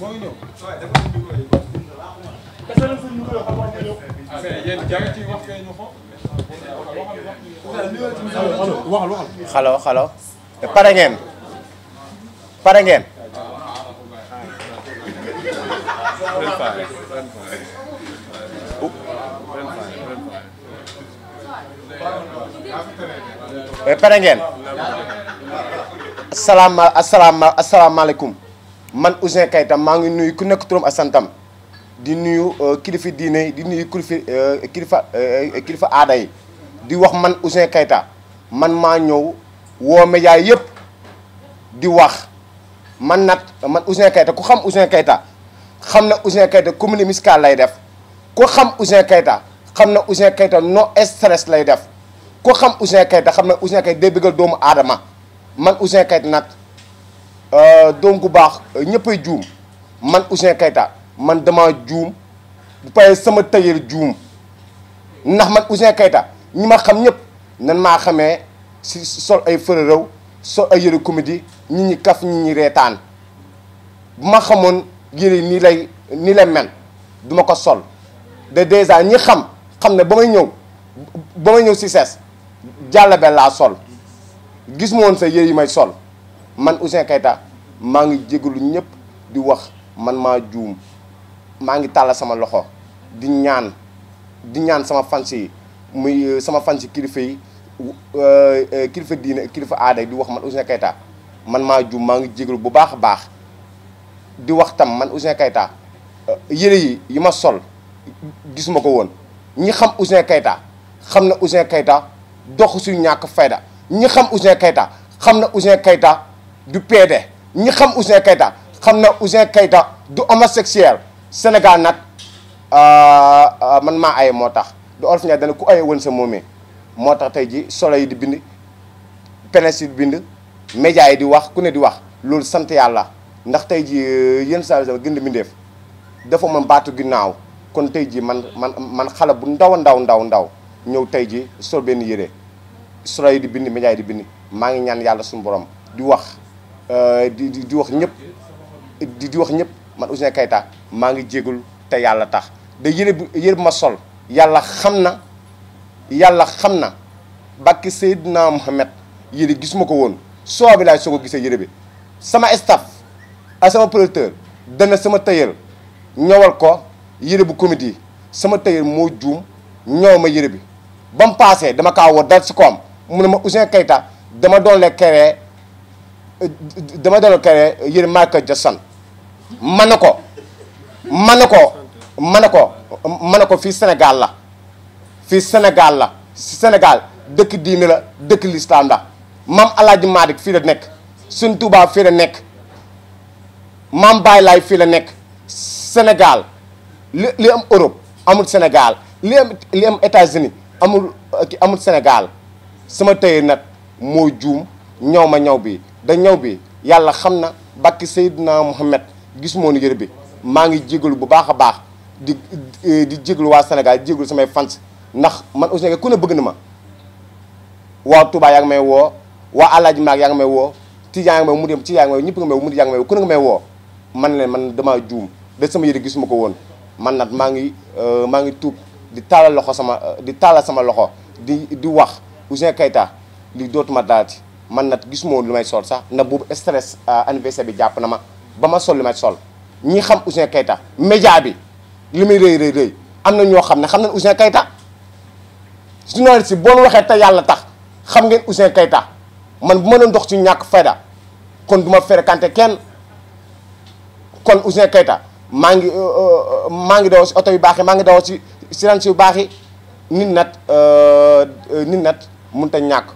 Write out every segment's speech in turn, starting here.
moo ngi ñëw. xalo xalo pare ngeen pare ngeen. Eh, pare ngeen. asalaama asalaamaaleykum. man Ouzin Keita maa ngi nuyu ku nekk trom ak santam di nuyu euh, kilifa diine di nuyu kilifa euh, kilifa euh, kilifa aada yi di wax man ousin Keita man maa ñëw woo média yëpp di wax man nag man Ouzin Keita ku xam Ouzin Keita xam na Ouzin Keita commune musicale lay def ku xam Ouzin Keita xam na Ouzin Keita no stress lay def ku xam Ouzin Keita xam na Ouzin Keita day bëggal doomu aadama man Ouzin Keita nag Euh, doom gu baax ñëppay juum man Ouzin Keita man dama juum bu paree sama tailleur juum ndax man Ouzin Keita ñi ma xam ñëpp nan maa xamee si sol ay fële rëw sol ay yëre comédie ñi ñi kaf ñi ñi reetaan bu ma xamoon yëre nii lay nii lay mel duma ko sol de dèjà ñi xam xam ne ba may ñëw ba may ñëw si ses jàllabe laa sol gis ma woon sa yëre yi may sol man Ouzin kaita mangi ngi nyep ñëpp di wax man ma jum mangi ngi sama loxo di ñaan di ñaan sama fansi muy euh, sama fans kiri kilifa yi euh, euh, kilifa diine kilifa aada di wax man Ouzin kaita man ma jum mangi ngi jégalu bu baax di wax tam man Ouzin kaita yeri yi yima sol di ko woon ñi xam Ouzin Keita xam na Ouzin kaita dox suñu ñàkk fayda ñi xam Ouzin Kayta xam na Ouzin du PD ñi xam Ouzin Keita xam na Ouzin Keita du homosexuel Sénégal nag euh, euh, man maa aye moo tax du olof ñaar dana ku aye woon sa moomee moo tax tey ji solo yi di bind penes yi di bind média yi di wax ku ne di wax loolu sant yàlla ndax tey ji euh, yéen saa sama gën di mbindeef dafa man baatu ginnaaw kon tey ji man man xale bu ndaw ndaw ndaw ndaw ñëw tey ji sol benn yére solo yi di bind média yi maa ngi ñaan yàlla suñu borom di wax Euh, di di wax ñëpp di di wax ñëpp man Ouzin Keita maa ngi jégul te yàlla tax da yére bu yére bu ma sol yàlla xam na yàlla xam na bàkki Seydina Mohamed yére gisuma ko woon soo bi laay soo ko gisee yére bi sama staff ak sama producteur dana sama tailleur ñëwal ko yére bu comédie sama tailleur moo juum ñëw ma yére bi ba mu paasee dama kaa woo dal si koom mu ne ma Ouzin Keita dama doon le dama doon créé yéen marque Jackson mën na ko mën na ko mën na ko mën na ko fii senegal la fii senegal la senegal dëkk diine la dëkk lislaam la maam Alaaji Maalik fii la nekk Sëñ Tuubaa fii la nekk maam Baay Laay fii la nekk senegal li li am Europe amul senegal li am li am États-Unis amul amul senegal sama tëye nag moo juum ñëw ma ñëw bi da ñaw bi yàlla xam na bakki Seydina Mohamed gis moon yër bi maa ngi jégalu bu baax a baax di di jégalu waa senegal jégalu samay fans ndax man aussi ku ne bëgg na ma waa Touba yaa ngi may woo waa Alaaji Maag yaa ngi may woo Tijaan yaa ngi may mu dem ci yaa ngi may ñëpp nga mu yaa ngi ku ne nga may woo man leen man damaa juum da sama yëre gisuma ko woon man nag maa ngi euh, maa ngi tuub di taalal loxo sama di taalal sama loxo di di wax Ouzin Keita li dootuma daati man nag gis moo lu may sol sax na boobu stress euh, anniversaire bi jàpp na ma ba ma sol li may sol ñi xam Ouzin kayta média bi li muy rëy rëy rëy am na ñoo xam ne xam nañ Ouzin Keita journaliste yi boo waxee te yàlla tax xam ngeen Ouzin Keita man bu ma doon dox ci ñàkk fayda kon du ma fréquenté kenn kon Ouzin Keita maa ngi euh, euh, maa ngi daw si oto yu baax yi maa ngi daw si si ranch yu baax yi nit nat nit nat mënut a ñàkk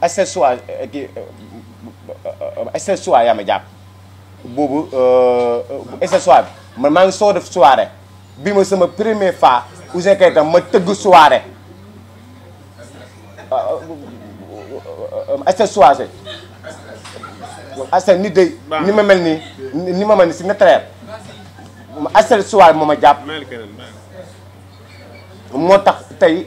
accessoire euh, euh, kii accessoire euh, yaa ma jàpp boobu accessoire bi soo def soirée bi ma sama première fois Ouzin Keita ma tëgg soirée ni ni ma mel nii ni ma mel nii si naturel accessoire moo ma jàpp moo tax tey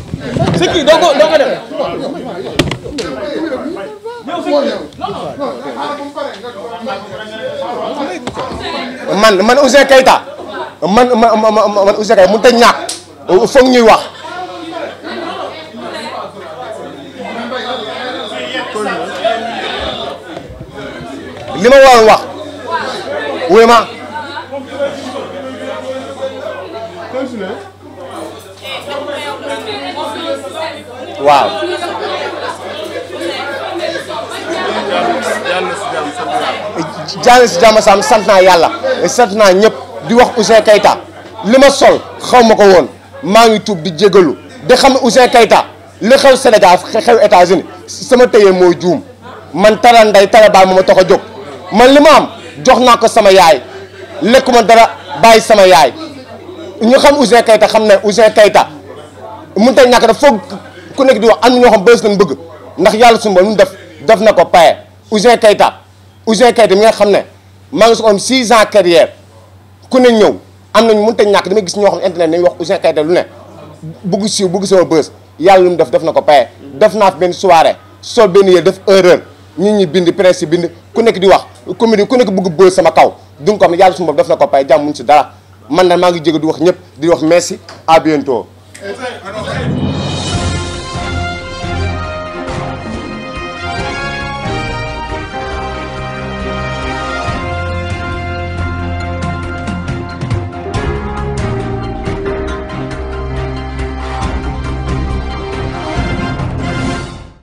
Sikki doo ko doo ko def. man man Ouzin Keita man man man Ouzin Keita mënut a ñàkk foog ñuy wax. li ma waroon wax wuy ma. waaw. jaane si jàmm saam sant naa yàlla sant naa ñëpp di wax Ouzin Keita li ma sol xaw ma ko woon maa ngi tuub di jégalu di xam ne Ouzin Keita li xew Sénégal xew États-Unis sama tëyee moo juum man tara nday tara baay moo ma tax a jóg man li ma am jox naa ko sama yaay lekkuma dara bàyyi sama yaay ñu xam Ouzin Keita xam ne Ouzin Keita mun tey ñàkk daf foog ku nekk di wax am na ñoo xam bës nañ bëgg ndax yàlla suñu borom def def na ko paye Ouzin Keita Ouzin Keita mi nga xam ne maa ngi su ko am 6 ku ne ñëw am nañ mun tey ñàkk damay gis ñoo xam internet nañu wax Ouzin Keita lu ne bugg siiw bugg sama bës yàlla lu mu def def na ko paye def naa benn soirée sol benn yëre def erreur nit ñi bind presse bind ku nekk di wax comédie ku nekk bëgg bës sama kaw du xam ne yàlla suñu borom def na ko paye jàmm mun si dara man na maa ngi jége di wax ñëpp di wax merci à Hey, hey, I know, hey.